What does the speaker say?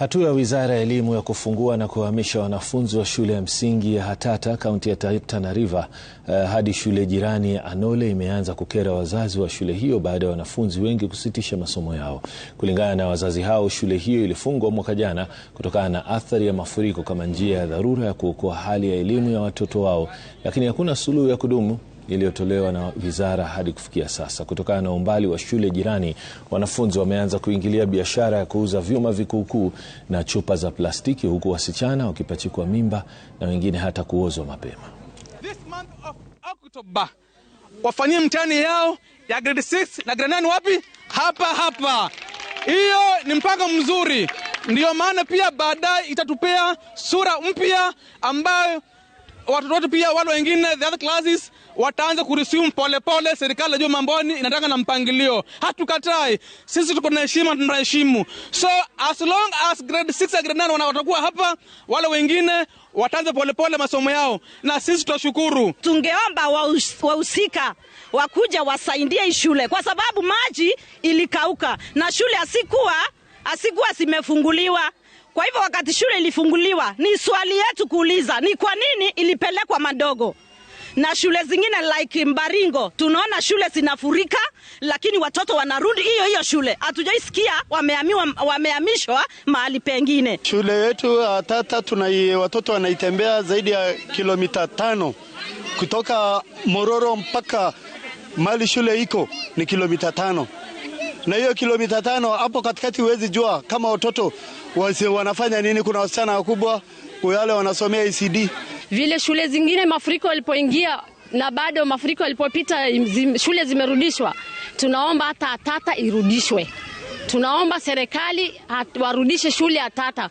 Hatua ya Wizara ya Elimu ya kufungua na kuhamisha wanafunzi wa shule ya msingi ya Hatata kaunti ya Tana River uh, hadi shule jirani ya Anole imeanza kukera wazazi wa shule hiyo baada ya wanafunzi wengi kusitisha masomo yao. Kulingana na wazazi hao, shule hiyo ilifungwa mwaka jana kutokana na athari ya mafuriko kama njia ya dharura ya kuokoa hali ya elimu ya watoto wao, lakini hakuna suluhu ya kudumu iliyotolewa na wizara hadi kufikia sasa. Kutokana na umbali wa shule jirani, wanafunzi wameanza kuingilia biashara ya kuuza vyuma vikuukuu na chupa za plastiki, huku wasichana wakipachikwa mimba na wengine hata kuozwa mapema. This month of October wafanyie mtihani yao ya grade 6 na grade 9 wapi? Hapa hapa. Hiyo ni mpango mzuri, ndiyo maana pia baadaye itatupea sura mpya ambayo watoto wetu pia wale wengine the other classes wataanza pole polepole. Serikali juu mamboni inataka na mpangilio, hatukatai sisi, tuko na heshima, tunaheshimu. So as long as grade 6 na grade 9 watakuwa hapa, wale wengine wataanza polepole masomo yao, na sisi tutashukuru. Tungeomba wahusika wa wakuja wasaidie shule kwa sababu maji ilikauka na shule asikuwa asikuwa zimefunguliwa. Kwa hivyo wakati shule ilifunguliwa, ni swali yetu kuuliza ni kwa nini ilipelekwa Madogo na shule zingine like Mbaringo tunaona shule zinafurika, lakini watoto wanarudi hiyo hiyo shule. Hatujaisikia wameamishwa wamehamishwa mahali pengine. Shule yetu Atata uh, tuna watoto wanaitembea zaidi ya kilomita tano kutoka Mororo mpaka mali shule iko ni kilomita tano na hiyo kilomita tano hapo katikati, huwezi jua kama watoto wanafanya nini. Kuna wasichana wakubwa wale wanasomea ECD. Vile shule zingine mafuriko yalipoingia na bado mafuriko yalipopita, shule zimerudishwa. Tunaomba hata Atata irudishwe, tunaomba serikali warudishe shule Atata.